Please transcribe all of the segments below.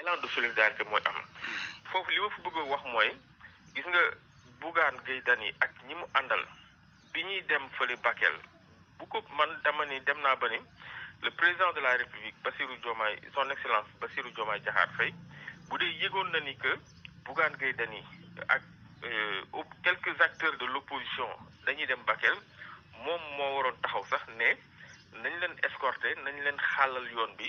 élan de solidarité moy am fofu li ma fa bëgg Bougane ak dem Bakel bu ko man dama le président de la République Bassirou Diomaye son excellence Bassirou Diomaye Faye bu que Bougane euh, quelques acteurs de l'opposition dañuy dem Bakel moom moo waroon taxaw sax ne leen leen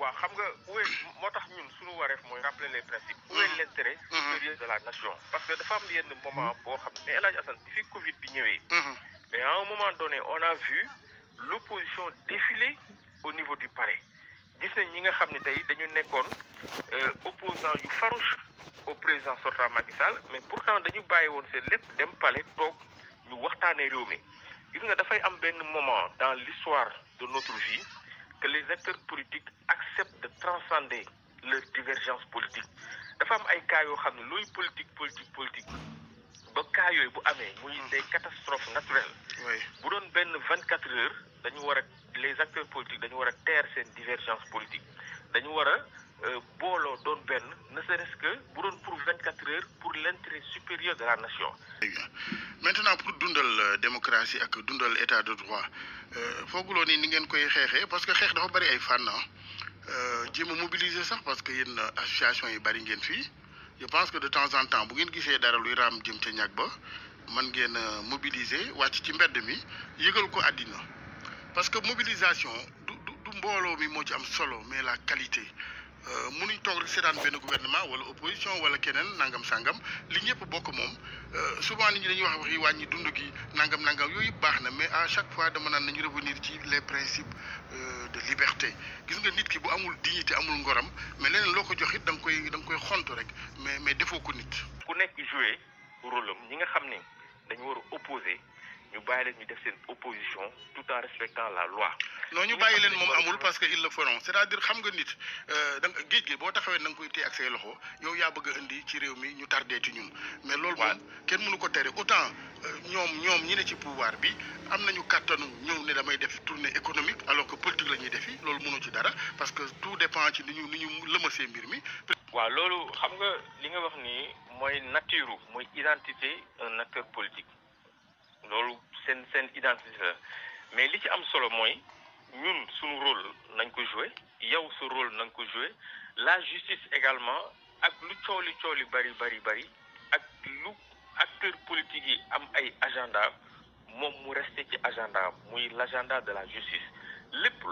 waaw xam nga où est moo ñun suñu wareef moy rappeler les principes où est mm-hmm. l'intérêt mm-hmm. supérieur de la nation parce que dafa am yenn moment mm-hmm. bo xam ne El Hadj Assane fi Covid bi ñëwé. mais à un moment donné on a vu l'opposition défiler au niveau du palais gis nañ ñi nga xam ne tey dañu nekkoon euh, opposant yu farouche au président sortant Macky Sall mais pourtant dañu bàyyi woon seen lépp dem palais toog ñu waxtaanee réew mi gis nga dafay am benn moment dans l'histoire de notre vie que les acteurs politiques acceptent de transcender leurs divergences politiques La femme ay cas yoo xam politiques. luy politiques, politique politique cas bu hmm. des catastrophes naturelles Si on a 24 heures les acteurs politiques dañu taire ces divergences politiques. divergence politique dañu a euh, ne serait-ce que pour 24 heures pour l'intérêt supérieur de la nation maintenant pour dundal euh, démocratie ak dundal état de droit euh, lo ni ni ngeen koy xeexee parce que xex dafa bari ay fànn ah. euh djima mobiliser sax parce que yeen euh, association yi bari ngeen fi je pense que de temps en temps bu ngeen gissé dara luy ram djim ci ñàkk ba man ngeen mobiliser wàcc ci mbedd mi yegal ko àddina parce que mobilisation du du mbolo mi mo ci am solo mais la qualité. Euh, mënuñ toog rek seetaan benn gouvernement wala opposition wala keneen nangam sangam li ñëpp bokk moom euh, souvent nit ñi dañuy wax waxi wàññi dund gi nangam nangam yooyu baax na mais à chaque fois dama naan nañu revenir ci les principes euh, de liberté gis nga nit ki bu amul dignité amul ngoram mais leneen loo ko jox it da nga koy da koy xontu rek mais mais defoo ko nit. ku nekk joué rôle am ñi nga xam ne dañu war a opposé ñu bàyyi leen ñu def seen opposition tout en respectant la loi. non ñu bàyyi leen moom amul parce que ils le feront c'est-à-dire xam nga nit euh, nga géej gi boo taxawee na nga koy téye ak say loxo yow yaa bëgg a indi ci réew mi ñu tardé ci ñun. mais loolu moom kenn mënu ko tere autant euh, ñoom ñoom ñi ne ci pouvoir bi am nañu kàttanu ñëw ne damay def tournée économique alors que politique la défi, defi loolu mënu ci dara parce que tout dépend ci ni ñu le ñu lëmasee mbir mi. waaw loolu xam nga li nga wax nii mooy nature mooy identité un acteur politique loolu seen seen identité la mais li ci am solo mooy ñun suñu rôle nañ ko rôle nañ ko joué la justice également ak lu bari bari bari ak politique agenda moom mu agenda muy l'agenda de la justice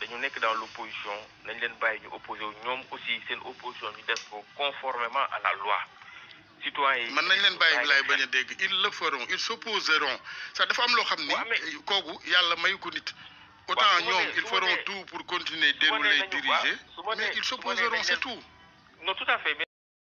dañu sommes dans l'opposition nous leen bàyyi ñu opposé wu ñoom aussi seen opposition ñu def conformément à la loi citoyen yi nañ leen bàyyi laay dégg ils le feront ils s'opposeront Ça dafa am loo xam ni kooku mayu ko nit autant nous, ils feront tout pour continuer dérouler diriger mais ils s'opposeront c'est tout non tout à fait